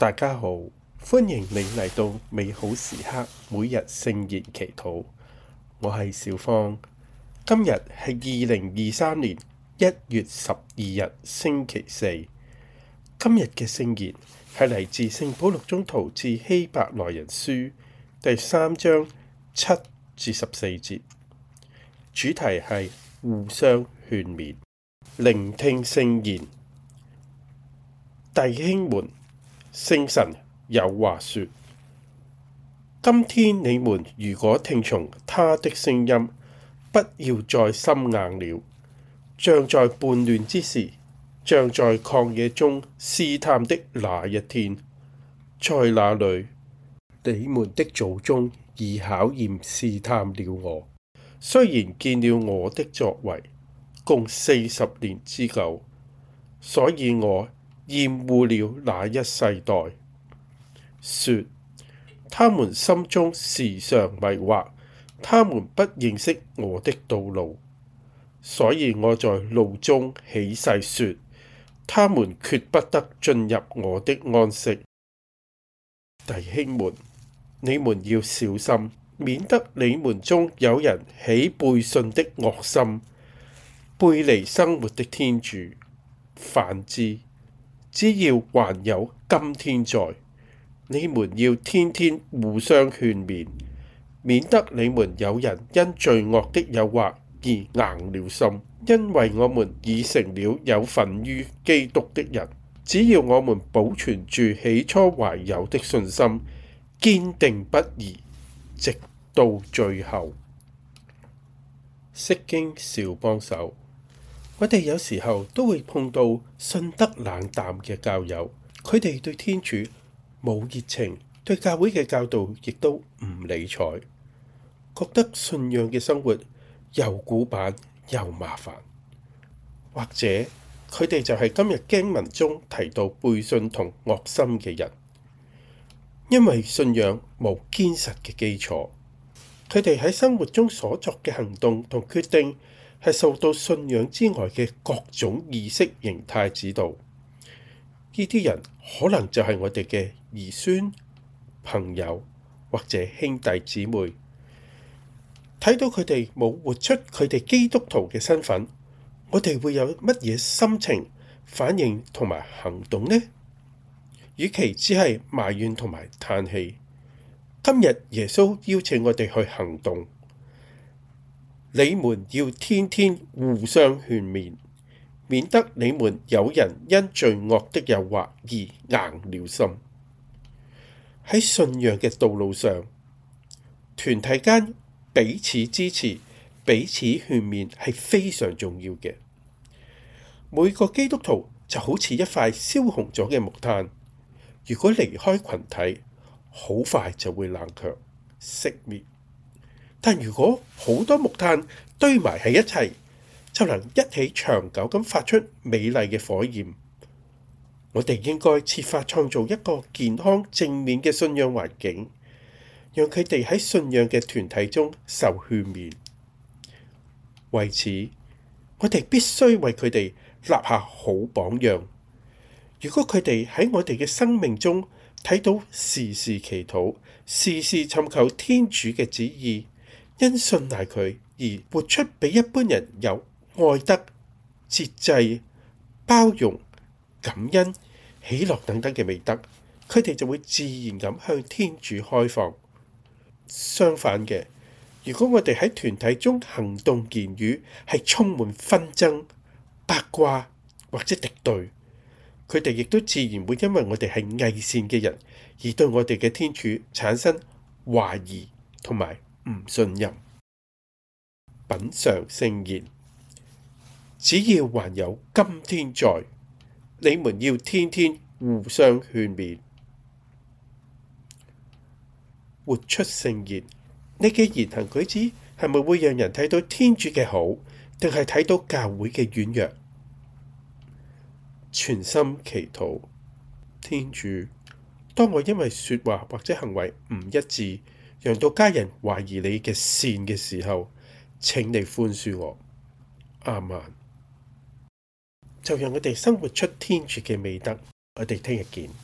大家好，歡迎你嚟到美好時刻每日聖言祈禱。我係小芳。今日係二零二三年一月十二日星期四。今日嘅聖言係嚟自聖保禄宗徒致希伯來人書第三章七至十四節，主題係互相勸勉，聆聽聖言，弟兄們。聖神有話說：今天你們如果聽從他的聲音，不要再心硬了。像在叛亂之時，像在曠野中試探的那一天，在那裏你們的祖宗以考驗試探了我，雖然見了我的作為，共四十年之久，所以我。厭惡了那一世代，說：他們心中時常迷惑，他們不認識我的道路，所以我在怒中起誓說：他們決不得進入我的安息。弟兄們，你們要小心，免得你們中有人起背信的惡心，背離生活的天主，反之。只要還有今天在，你們要天天互相勸勉，免得你們有人因罪惡的誘惑而硬了心。因為我們已成了有份於基督的人，只要我們保存住起初懷有的信心，堅定不移，直到最後。釋經小幫手。我哋有時候都會碰到信德冷淡嘅教友，佢哋對天主冇熱情，對教會嘅教導亦都唔理睬，覺得信仰嘅生活又古板又麻煩。或者佢哋就係今日經文中提到背信同惡心嘅人，因為信仰冇堅實嘅基礎，佢哋喺生活中所作嘅行動同決定，係受到信仰之外嘅各種意識形態指導，呢啲人可能就係我哋嘅兒孫、朋友或者兄弟姊妹。睇到佢哋冇活出佢哋基督徒嘅身份，我哋會有乜嘢心情、反應同埋行動呢？與其只係埋怨同埋嘆氣，今日耶穌邀請我哋去行動。你們要天天互相勸勉，免得你們有人因罪惡的誘惑而硬了心。喺信仰嘅道路上，團體間彼此支持、彼此勸勉係非常重要嘅。每個基督徒就好似一塊燒紅咗嘅木炭，如果離開群體，好快就會冷卻、熄滅。但如果好多木炭堆埋喺一齊，就能一起長久咁發出美麗嘅火焰。我哋應該設法創造一個健康正面嘅信仰環境，讓佢哋喺信仰嘅團體中受勸勉。為此，我哋必須為佢哋立下好榜樣。如果佢哋喺我哋嘅生命中睇到時時祈禱、時時尋求天主嘅旨意。因信賴佢而活出，比一般人有愛德、節制、包容、感恩、喜樂等等嘅美德。佢哋就會自然咁向天主開放。相反嘅，如果我哋喺團體中行動言語係充滿紛爭、八卦或者敵對，佢哋亦都自然會因為我哋係偽善嘅人而對我哋嘅天主產生懷疑同埋。唔信任。品嚐聖言，只要還有今天在，你們要天天互相勸勉。活出聖言。你嘅言行舉止係咪會讓人睇到天主嘅好，定係睇到教會嘅軟弱？全心祈禱，天主，當我因為說話或者行為唔一致。讓到家人懷疑你嘅善嘅時候，請你寬恕我，阿們，就讓我哋生活出天主嘅美德。我哋聽日見。